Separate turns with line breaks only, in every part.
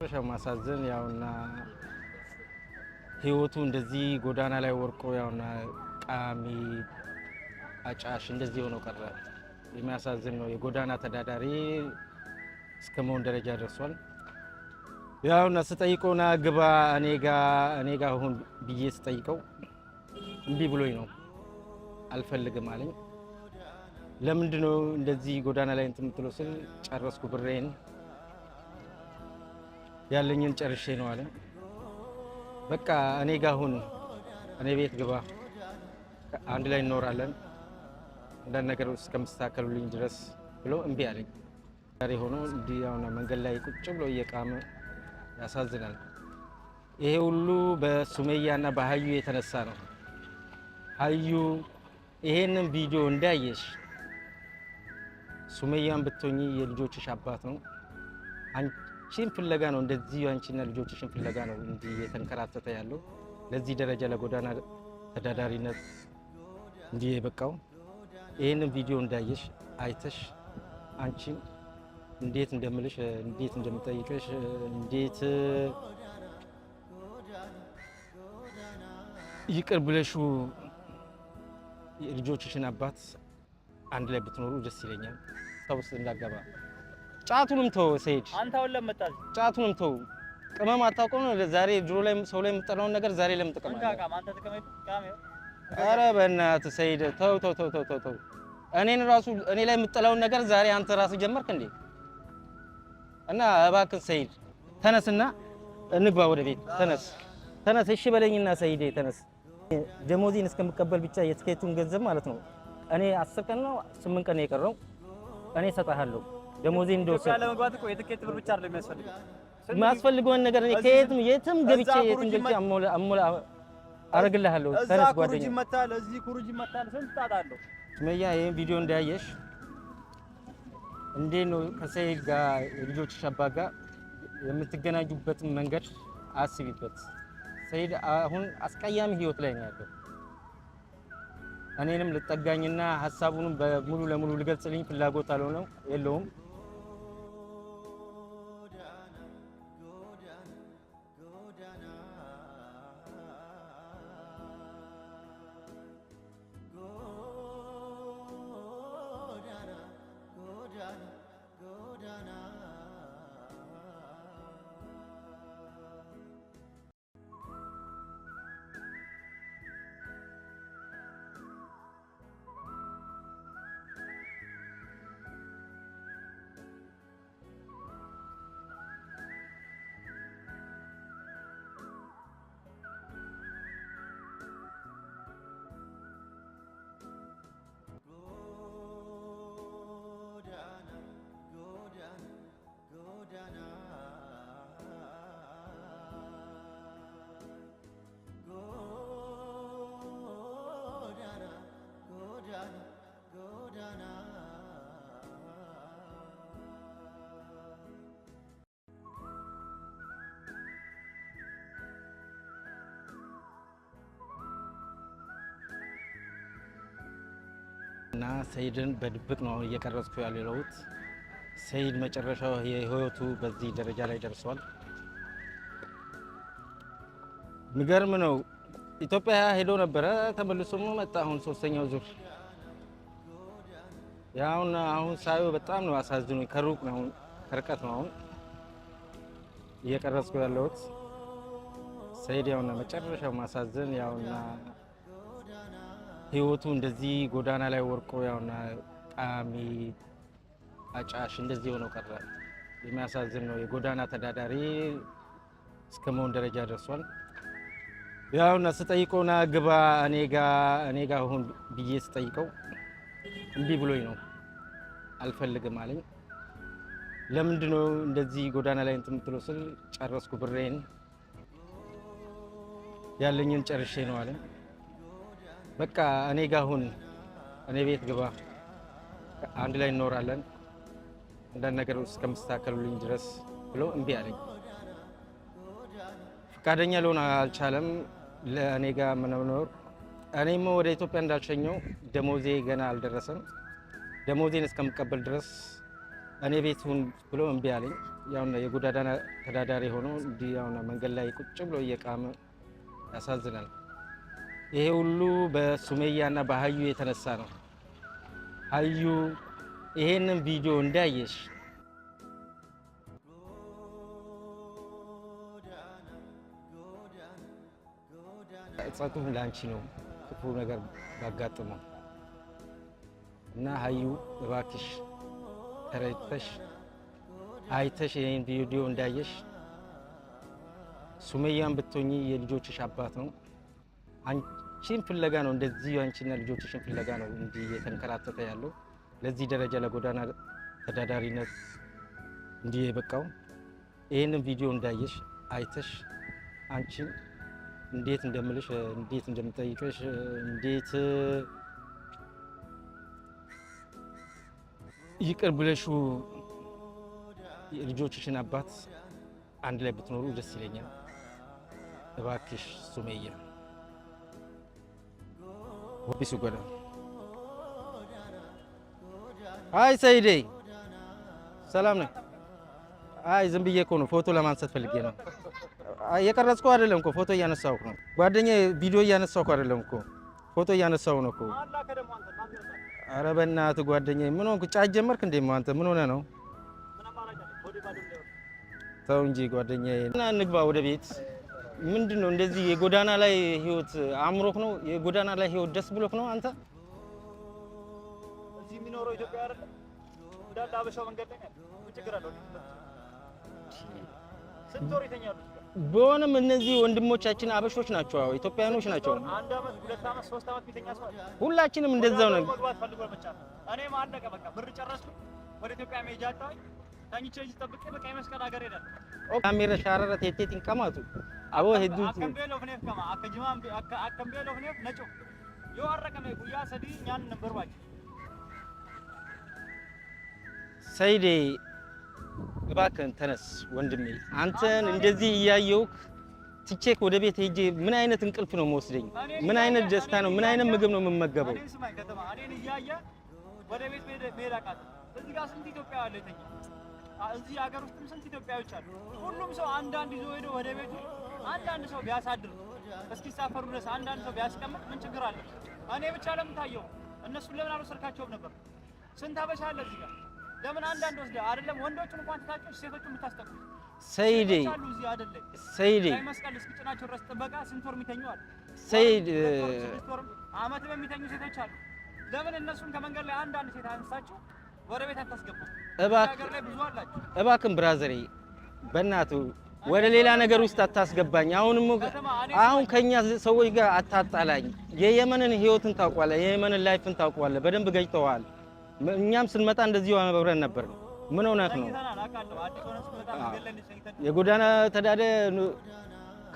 መጨረሻ ማሳዘን ያውና ህይወቱ እንደዚህ ጎዳና ላይ ወርቆ ያውና ቃሚ አጫሽ እንደዚህ ሆኖ ቀረ። የሚያሳዝን ነው። የጎዳና ተዳዳሪ እስከ መሆን ደረጃ ደርሷል። ያውና ስጠይቀውና ግባ እኔ ጋ ሁን ብዬ ስጠይቀው እምቢ ብሎኝ ነው አልፈልግም አለኝ። ለምንድነው እንደዚህ ጎዳና ላይ እንትን የምትለው ስል ጨረስኩ ብሬን ያለኝን ጨርሼ ነው አለ። በቃ እኔ ጋር ሁን፣ እኔ ቤት ግባ፣ አንድ ላይ እንኖራለን አንዳንድ ነገር እስከምስተካከሉልኝ ድረስ ብሎ እምቢ አለኝ። ዛሬ ሆኖ እንዲህ የሆነ መንገድ ላይ ቁጭ ብሎ እየቃመ ያሳዝናል። ይሄ ሁሉ በሱሜያና በሀዩ የተነሳ ነው። ሀዩ ይሄንን ቪዲዮ እንዳየሽ ሱሜያን ብትሆኚ የልጆችሽ አባት ነው። ሺን ፍለጋ ነው እንደዚህ አንቺና ልጆችሽን ፍለጋ ነው እንዲህ የተንከራተተ ያለው ለዚህ ደረጃ ለጎዳና ተዳዳሪነት እንዲህ የበቃው። ይህንን ቪዲዮ እንዳየሽ አይተሽ አንቺም እንዴት እንደምልሽ እንዴት እንደምጠይቀሽ እንዴት ይቅር ብለሹ ልጆችሽን አባት አንድ ላይ ብትኖሩ ደስ ይለኛል። ሰው ውስጥ እንዳገባ ጫቱንም ተው ሰይድ፣ አንተ አሁን ለምጣል ጫቱንም ተው። ቅመም ነው ዛሬ ድሮ ላይ ሰው ላይ የምጠላውን ነገር ዛሬ ለምን ተቀመጥ? ኧረ በእናትህ ሰይድ ተው ተው ተው ተው ተው። እኔን ራሱ እኔ ላይ የምጠላውን ነገር ዛሬ አንተ ራስህ ጀመርክ እንዴ? እና እባክህ ሰይድ ተነስና እንግባ ወደ ቤት። ተነስ ተነስ፣ እሺ በለኝና ሰይድ ተነስ። ደሞዜን እስከምቀበል ብቻ የትኬቱን ገንዘብ ማለት ነው እኔ አስር ቀን ነው ስምንት ቀን የቀረው እኔ እሰጥሃለሁ ደሞዜ እንደወሰደ ለመግባት
እኮ የትኬት ብር ብቻ አይደለም የሚያስፈልገው
የሚያስፈልገውን ነገር እኔ ከየትም የትም ገብቼ የትም ገብቼ አሞላ አሞላ አረግልሃለሁ። ተነስ ጓደኛዬ፣
እዚህ ኩሩጅ መታል ስንት ታጣለህ።
ሱመያ ይሄን ቪዲዮ እንዳያየሽ እንዴ ነው ከሰይድ ጋር የልጆችሽ አባት ጋር የምትገናኙበትን መንገድ አስቢበት። ሰይድ አሁን አስቀያሚ ህይወት ላይ ነው ያለው። እኔንም ልጠጋኝና ሀሳቡንም በሙሉ ለሙሉ ልገልጽልኝ ፍላጎት አልሆነው የለውም እና ሰይድን በድብቅ ነው እየቀረጽኩ ያለሁት። ሰይድ መጨረሻው የህይወቱ በዚህ ደረጃ ላይ ደርሷል። ምገርም ነው። ኢትዮጵያ ሄዶ ነበረ ተመልሶም መጣ። አሁን ሶስተኛው ዙር ያሁን አሁን ሳዩ በጣም ነው አሳዝኑ። ከሩቅ ነው ከርቀት ነው አሁን እየቀረጽኩ ያለሁት። ሰይድ ያውና መጨረሻው ማሳዘን ያውና ህይወቱ እንደዚህ ጎዳና ላይ ወርቆ ያውና ጣሚ አጫሽ እንደዚህ ሆኖ ቀረ። የሚያሳዝን ነው። የጎዳና ተዳዳሪ እስከ መሆን ደረጃ ደርሷል። ያውና ስጠይቀውና ግባ እኔ ጋ ሁን ብዬ ስጠይቀው እምቢ ብሎኝ ነው አልፈልግም አለኝ። ለምንድን ነው እንደዚህ ጎዳና ላይ እንትን የምትለው ስል ጨረስኩ ብሬን ያለኝን ጨርሼ ነው አለኝ። በቃ እኔ ጋር ሁን፣ እኔ ቤት ግባ፣ አንድ ላይ እንኖራለን፣ አንዳንድ ነገር እስከምስተካከሉልኝ ድረስ ብሎ እምቢ አለኝ። ፈቃደኛ ሊሆን አልቻለም ለእኔ ጋር መኖር። እኔም ወደ ኢትዮጵያ እንዳልሸኘው ደሞዜ ገና አልደረሰም። ደሞዜን እስከምቀበል ድረስ እኔ ቤት ሁን ብሎ እምቢ አለኝ። ያው የጎዳና ተዳዳሪ ሆኖ እንዲህ ያው መንገድ ላይ ቁጭ ብሎ እየቃመ ያሳዝናል። ይሄ ሁሉ በሱሜያና በሀዩ የተነሳ ነው። ሀዩ ይሄንን ቪዲዮ እንዳየሽ እጸቱም ለአንቺ ነው ክፉ ነገር ባጋጥመው እና ሀዩ እባክሽ ተረድተሽ አይተሽ ይህን ቪዲዮ እንዳየሽ ሱሜያን ብትሆኚ የልጆችሽ አባት ነው። አንቺን ፍለጋ ነው እንደዚህ አንቺና ልጆችሽን ፍለጋ ነው እንጂ እየተንከራተተ ያለው ለዚህ ደረጃ ለጎዳና ተዳዳሪነት እንዲህ የበቃው። ይህንን ቪዲዮ እንዳየሽ አይተሽ አንቺን እንዴት እንደምልሽ እንዴት እንደምጠይቀሽ እንዴት ይቅር ብለሹ አባት አንድ ላይ ብትኖሩ ደስ ይለኛል። እባክሽ ሱሜያ ወይስ ጎዳና? አይ ሰይዴ፣ ሰላም ነህ? አይ ዝም ብዬ እኮ ነው ፎቶ ለማንሳት ፈልጌ ነው። የቀረጽኩ አይደለም እኮ ፎቶ እያነሳሁ ነው። ጓደኛዬ ቪዲዮ እያነሳሁ እኮ አይደለም እኮ ፎቶ እያነሳሁ ነው እኮ። ኧረ በእናትህ ጓደኛዬ፣ ምን ሆንክ? ጫት ጀመርክ እንዴ? አንተ ምን ሆነህ ነው? ተው እንጂ ጓደኛዬ፣ ና እንግባ ወደ ቤት። ምንድን ነው እንደዚህ የጎዳና ላይ ህይወት አእምሮክ ነው? የጎዳና ላይ ህይወት ደስ ብሎክ ነው? አንተ
እዚህ የሚኖረው ኢትዮጵያ አይደለም እንዳለ አበሻው መንገድ ላይ ችግር አለው። ይተኛሉ?
በሆነም እነዚህ ወንድሞቻችን አበሾች ናቸው። አዎ ኢትዮጵያኖች ናቸው።
ሁላችንም እንደዛው ነው። እኔ በቃ ጨረስኩ፣ ወደ ኢትዮጵያ ተኝቼ ጠብቄ በቃ የመስቀል ሀገር ሄዳለሁ።
ካሜራ እባክህን ተነስ ወንድሜ፣ አንተን እንደዚህ እያየውክ ትቼክ ወደ ቤት ሄጄ ምን አይነት እንቅልፍ ነው መወስደኝ? ምን አይነት ደስታ ነው? ምን አይነት ምግብ ነው የምመገበው?
ወደ ቤት መሄድ አቃተህ። እዚህ ጋር ስንት ኢትዮጵያ ያለ ይተኛል። እዚህ ሀገር ውስጥም ስንት ኢትዮጵያዎች አሉ። ሁሉም ሰው አንዳንድ ይዞ ሄዶ ወደ ቤቱ አንዳንድ ሰው ቢያሳድር እስኪሳፈሩ ድረስ አንዳንድ ሰው ቢያስቀምጥ ምን ችግር አለ? እኔ ብቻ ለምን ታየው? እነሱን ለምን አልወሰድካቸውም ነበር? ስንት አበሻ አለ እዚህ ጋር ለምን አንዳንድ ወስደ አይደለም? ወንዶቹን እንኳን ትታችሁ ሴቶቹን የምታስጠቁት ሰይዴ ሰይዴ መስቀል እስኪ ጭናቸው ድረስ ጥበቃ ስንት ወር የሚተኙ አሉ። ሰይድ አመት በሚተኙ ሴቶች አሉ። ለምን እነሱን ከመንገድ ላይ አንዳንድ ሴት አንሳችሁ ጎረቤት አታስገቡ
እባክን ብራዘሬ፣ በእናቱ ወደ ሌላ ነገር ውስጥ አታስገባኝ። አሁን አሁን ከኛ ሰዎች ጋር አታጣላኝ። የየመንን ህይወትን ታውቋለህ፣ የየመንን ላይፍን ታውቋለህ፣ በደንብ ገጭተዋል። እኛም ስንመጣ እንደዚሁ አብረን ነበር። ምን እውነት ነው? የጎዳና ተዳደ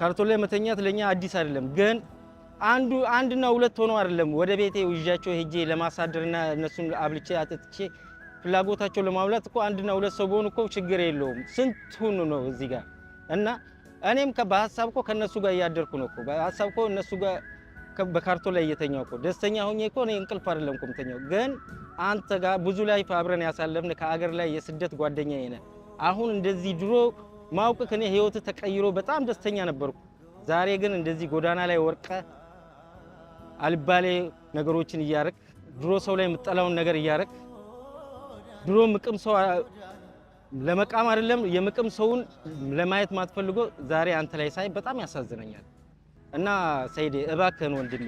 ካርቶን ላይ መተኛት ለኛ አዲስ አይደለም፣ ግን አንዱ አንድና ሁለት ሆኖ አይደለም ወደ ቤቴ ይዣቸው ሄጄ ለማሳደርና እነሱን አብልቼ አጠጥቼ ፍላጎታቸው ለማሟላት እኮ አንድና ሁለት ሰው ቢሆን እኮ ችግር የለውም። ስንቱን ነው እዚህ ጋር እና እኔም በሀሳብ እኮ ከእነሱ ጋር እያደርኩ ነው እኮ በሀሳብ እኮ እነሱ ጋር በካርቶን ላይ እየተኛው እኮ ደስተኛ ሆኜ እኮ እኔ እንቅልፍ አይደለም እኮ የምተኛው። ግን አንተ ጋር ብዙ ላይ አብረን ያሳለፍን ከአገር ላይ የስደት ጓደኛ ነህ። አሁን እንደዚህ ድሮ ማውቅ እኔ ህይወት ተቀይሮ በጣም ደስተኛ ነበርኩ። ዛሬ ግን እንደዚህ ጎዳና ላይ ወርቀ አልባሌ ነገሮችን እያረግ ድሮ ሰው ላይ የምጠላውን ነገር እያረግ ድሮ ምቅም ሰው ለመቃም አይደለም የምቅም ሰውን ለማየት ማትፈልጎ ዛሬ አንተ ላይ ሳይ በጣም ያሳዝነኛል። እና ሰይዴ እባክህን ወንድሜ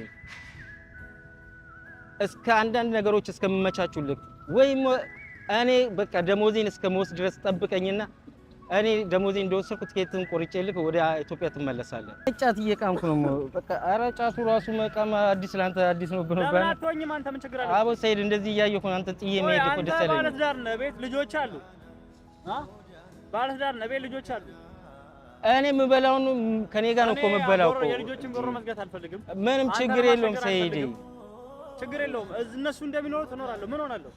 እስከ አንዳንድ ነገሮች እስከምመቻቹልህ ወይም እኔ በቃ ደሞዜን እስከ መወስድ ድረስ ጠብቀኝና እኔ ደሞዜ እንደወሰድኩ ትኬትን ቆርጬ ልክ ወደ ኢትዮጵያ ትመለሳለህ። ጫት እየቃምኩ ነው። በቃ ኧረ ጫቱ ራሱ መቃም አዲስ ለአንተ አዲስ ነው ብሎ ባን አቦ ሰይድ እንደዚህ እያየሁ አንተ ጥዬ መሄድ እኮ ደስ አለኝ። ባለትዳር
ነህ፣ ቤት ልጆች አሉ። ባለትዳር ነህ፣ ቤት ልጆች አሉ።
እኔ የምበላውን ከኔ ጋር ነው እኮ የምበላው እኮ። የልጆችን ዶሮ
መዝጋት አልፈልግም። ምንም ችግር የለውም ሰይድ፣ ችግር የለውም። እነሱ እንደሚኖሩ ትኖራለህ። ምን ሆናለሁ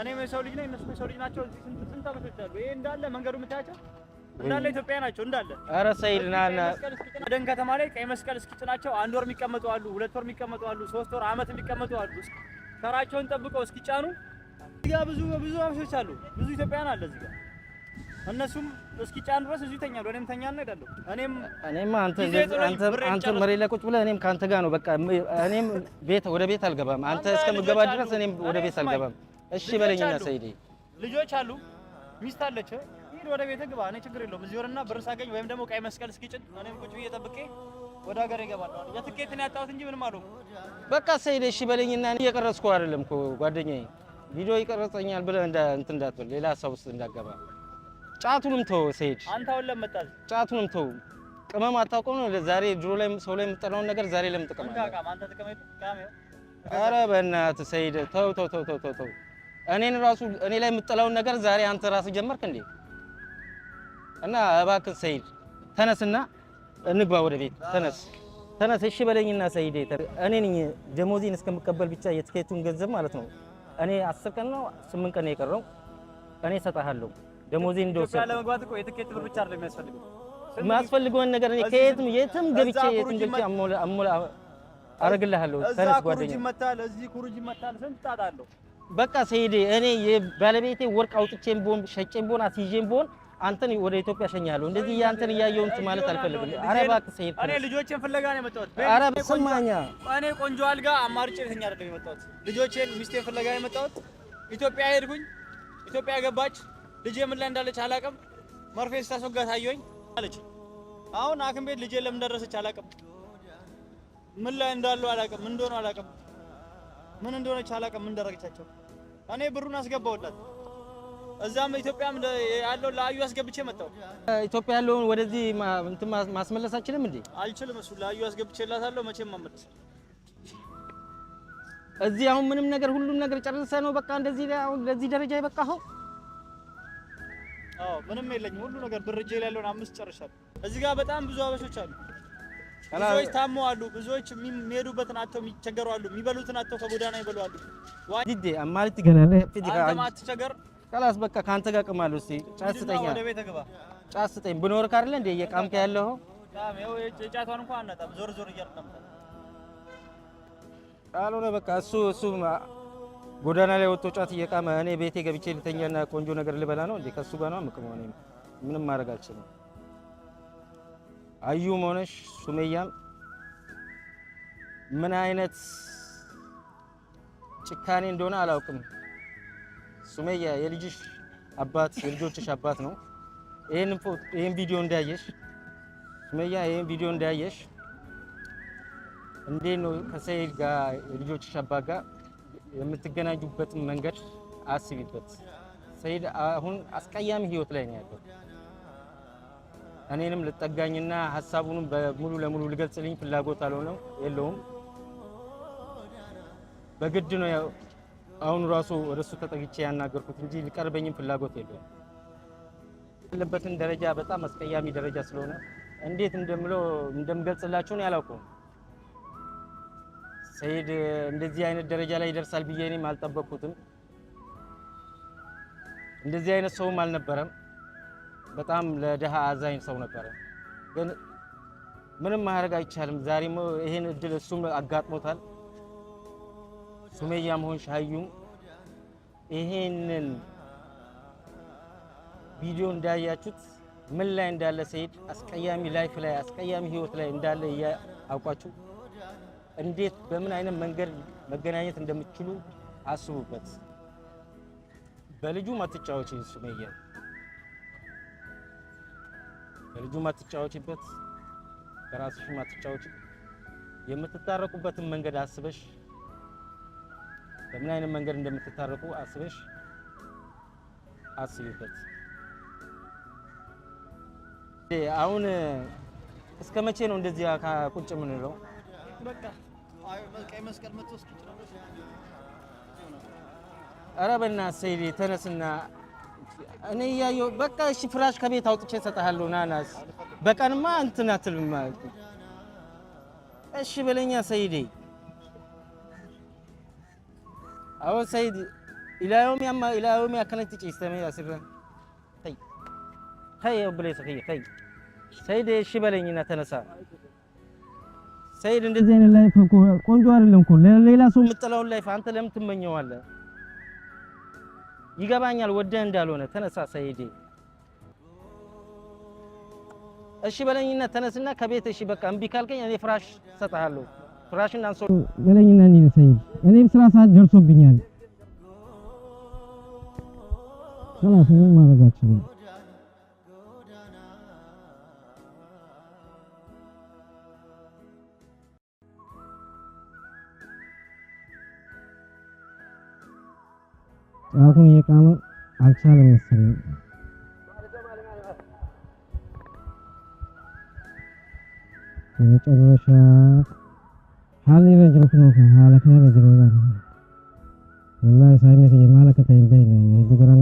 እኔም የሰው ልጅ ነኝ፣ እነሱም የሰው ልጅ ናቸው። እዚህ ስንት ስንት አመቶች አሉ። ይሄ እንዳለ መንገዱ የምታያቸው እንዳለ ኢትዮጵያ ናቸው እንዳለ። ኧረ ሰይድ ና ና ደን ከተማ ላይ ቀይ መስቀል እስኪጭናቸው አንድ ወር የሚቀመጡ አሉ፣ ሁለት ወር የሚቀመጡ አሉ፣ ሶስት ወር አመት የሚቀመጡ አሉ። ተራቸውን ጠብቀው እስኪጫኑ እዚህ ጋር ብዙ ብዙ አመቶች አሉ፣ ብዙ ኢትዮጵያውያን አለ እዚህ ጋር እነሱም እስኪጫን ድረስ እዚህ ይተኛሉ። እኔም ተኛ ነው እሄዳለሁ። እኔም
እኔም አንተ አንተ አንተ መሬት ላይ ቁጭ ብለህ እኔም ካንተ ጋር ነው በቃ። እኔም ቤት ወደ ቤት አልገባም አንተ እስከምገባ ድረስ እኔም ወደ ቤት አልገባም። እሺ በለኝና ሰይዲ
ልጆች አሉ፣ ሚስት አለች። ይሄ ወደ ቤት ግባ፣ እኔ ችግር የለውም እዚህ ወርና ብር ሳገኝ ወይም ደግሞ ቀይ መስቀል እስኪጭን እኔም ቁጭ ብዬ ጠብቄ ወደ ሀገር ይገባለሁ። ነው ያጣሁት እንጂ ምንም አሉ
በቃ ሰይዲ እሺ በለኝና እኔ እየቀረጽኩ አይደለም እኮ ጓደኛዬ፣ ቪዲዮ ይቀረጸኛል ብለህ እንትን እንዳትል፣ ሌላ ሀሳብ ውስጥ እንዳገባ ጫቱንም ተው ሰይድ፣
አንተ አሁን ለመጣል
ጫቱንም ተው ቅመም አታውቀው ነው። ዛሬ ድሮ ላይ ሰው ላይ የምጠላውን ነገር ዛሬ ለምን ጥቅም
አለ?
ኧረ በእናትህ ሰይድ ተው ተው ተው ተው ተው እኔን ራሱ እኔ ላይ የምጥለውን ነገር ዛሬ አንተ ራስህ ጀመርክ እንዴ? እና እባክህ ሰይድ ተነስና እንግባ ወደ ቤት። ተነስ ተነስ፣ እሺ በለኝና ሰይድ፣ እኔ ነኝ ደሞዜን እስከምቀበል ብቻ የትኬቱን ገንዘብ ማለት ነው። እኔ አስር ቀን ነው ስምንት ቀን የቀረው እኔ እሰጥሃለሁ። ደሞዜን እንደወሰድኩ ለመግባት
እኮ የትኬት ብር ብቻ አይደለም የሚያስፈልገው
የሚያስፈልገውን ነገር እኔ ከየትም የትም ገብቼ የትም ገብቼ አሞላ አሞላ አረግልሃለሁ። ተነስ ጓደኛዬ፣ እዚህ ኩርጅ
መታል፣ እዚህ ኩርጅ መታል፣ ስንት ጣጣ
በቃ ሰይድ እኔ የባለቤቴ ወርቅ አውጥቼም ቢሆን ሸጬም ቢሆን አስይዤም ቢሆን አንተን ወደ ኢትዮጵያ ሸኛለሁ። እንደዚህ ያንተን እያየሁ ማለት አልፈልግም። ኧረ እባክህ ሰይድ፣ እኔ
ልጆቼን ፍለጋ ነው የመጣሁት። ኧረ ስማኛ፣ እኔ ቆንጆ አልጋ አማርጬ ልተኛ አይደለም የመጣሁት። ልጆቼን ሚስቴን ፍለጋ ነው የመጣሁት። ኢትዮጵያ ሄድኩኝ፣ ኢትዮጵያ ገባች። ልጄ ምን ላይ እንዳለች አላውቅም። መርፌ ስታስወጋ ታየኝ አለች። አሁን አክም ቤት ልጄ ለምን ደረሰች አላውቅም። ምን ላይ እንዳሉ አላውቅም። ምን እንደሆነ አላውቅም። ምን እንደሆነች አላውቅም። ምን ደረገቻቸው እኔ ብሩን አስገባውላት። እዛም ኢትዮጵያም ያለው ለአዩ አስገብቼ መጣው።
ኢትዮጵያ ያለውን ወደዚህ
እንትን ማስመለስ አችልም እንዴ? አልችልም። እሱ ለአዩ አስገብቼላታለሁ። መቼም ማመት
እዚህ አሁን ምንም ነገር ሁሉም ነገር ጨርሰ ነው በቃ እንደዚህ አሁን ለዚህ ደረጃ የበቃኸው?
አዎ ምንም የለኝም። ሁሉ ነገር ብር እጄ ላይ ያለውን አምስት ጨርሻለሁ። እዚህ ጋር በጣም ብዙ አበሾች አሉ። ብዙዎች ታመዋሉ። ብዙዎች የሚሄዱበትን አጥተው የሚቸገሩ አሉ። የሚበሉትን ከጎዳና ይበሉ አሉ።
በቃ ጋር ቅማለሁ። ጫት ስጠኝ፣ ጫት ስጠኝ። ብኖርክ አይደለ እየቃምከ ያለው
የጫቷን ዞር ዞር
ካልሆነ በቃ እሱ እሱ ጎዳና ላይ ወጥቶ ጫት እየቃመ እኔ ቤቴ ገብቼ ልተኛና ቆንጆ ነገር ልበላ ነው እንዴ? ከሱ ጋር ነው ምንም ማድረግ አልችልም። አዩም ሆነሽ ሱሜያም ምን አይነት ጭካኔ እንደሆነ አላውቅም። ሱሜያ የልጅሽ አባት የልጆችሽ አባት ነው። ይህን ቪዲዮ እንዳየሽ ሱሜያ፣ ይህን ቪዲዮ እንዳየሽ እንዴት ነው ከሰይድ ጋር የልጆችሽ አባት ጋር የምትገናኙበትን መንገድ አስቢበት። ሰይድ አሁን አስቀያሚ ህይወት ላይ ነው ያለው። እኔንም ልጠጋኝና ሀሳቡንም ሙሉ ለሙሉ ልገልጽልኝ ፍላጎት አልሆነው የለውም። በግድ ነው አሁን ራሱ ወደሱ ተጠግቼ ያናገርኩት እንጂ ሊቀርበኝም ፍላጎት የለውም። ያለበትን ደረጃ በጣም አስቀያሚ ደረጃ ስለሆነ እንዴት እንደምለው ነው ያላውቀውም። ሰይድ እንደዚህ አይነት ደረጃ ላይ ይደርሳል ብዬ እኔም አልጠበቅኩትም። እንደዚህ አይነት ሰውም አልነበረም። በጣም ለድሃ አዛኝ ሰው ነበረ። ግን ምንም ማድረግ አይቻልም። ዛሬም ይሄን እድል እሱም አጋጥሞታል። ሱሜያም ሆን ሻዩም ይሄንን ቪዲዮ እንዳያችሁት ምን ላይ እንዳለ ሰይድ አስቀያሚ ላይፍ ላይ አስቀያሚ ህይወት ላይ እንዳለ አውቃችሁ እንዴት በምን አይነት መንገድ መገናኘት እንደምትችሉ አስቡበት። በልጁ አትጫወቺ ሱሜያ ለልጁ ማትጫወችበት በራስሽ ማትጫወች የምትታረቁበትን መንገድ አስበሽ በምን አይነት መንገድ እንደምትታረቁ አስበሽ አስቢበት። አሁን እስከ መቼ ነው እንደዚህ ቁጭ የምንለው? ኧረ በእናትህ ሰይዴ ተነስና እኔ እያየሁ በቃ እሺ፣ ፍራሽ ከቤት አውጥቼ እሰጥሃለሁ። ናናስ በቀንማ እንትን አትልም እሺ በለኛ ሰይዴ። አዎ ሰይድ ኢላዮም ያማ ኢላዮም ያከነት ጭ ይስተመ ያስረ ታይ ታይ ወብለይ ሰይ ታይ ሰይድ፣ እሺ በለኝና ተነሳ ሰይድ። እንደዚህ አይነት ላይፍ ቆንጆ አይደለም እኮ ለሌላ ሰው የምትጠላውን ላይፍ አንተ ለምን ትመኘዋለህ? ይገባኛል። ወደህ እንዳልሆነ ተነሳ ሰይዴ። እሺ በለኝነት ተነስና ከቤት እሺ በቃ እምቢ ካልከኝ እኔ ፍራሽ ሰጥሃለሁ። ፍራሽን አንሶ በለኝና እኔ ሰይድ፣ እኔም ስራ ሰዓት ደርሶብኛል።
ሰላም ማረጋችሁ
నాకు ఏ కాలం అక్షరాలు వస్తుంది చదువు హాలీ రోజులు హాలకి రోజులు والله صاحبنا في جمالك تنبين يعني بقرا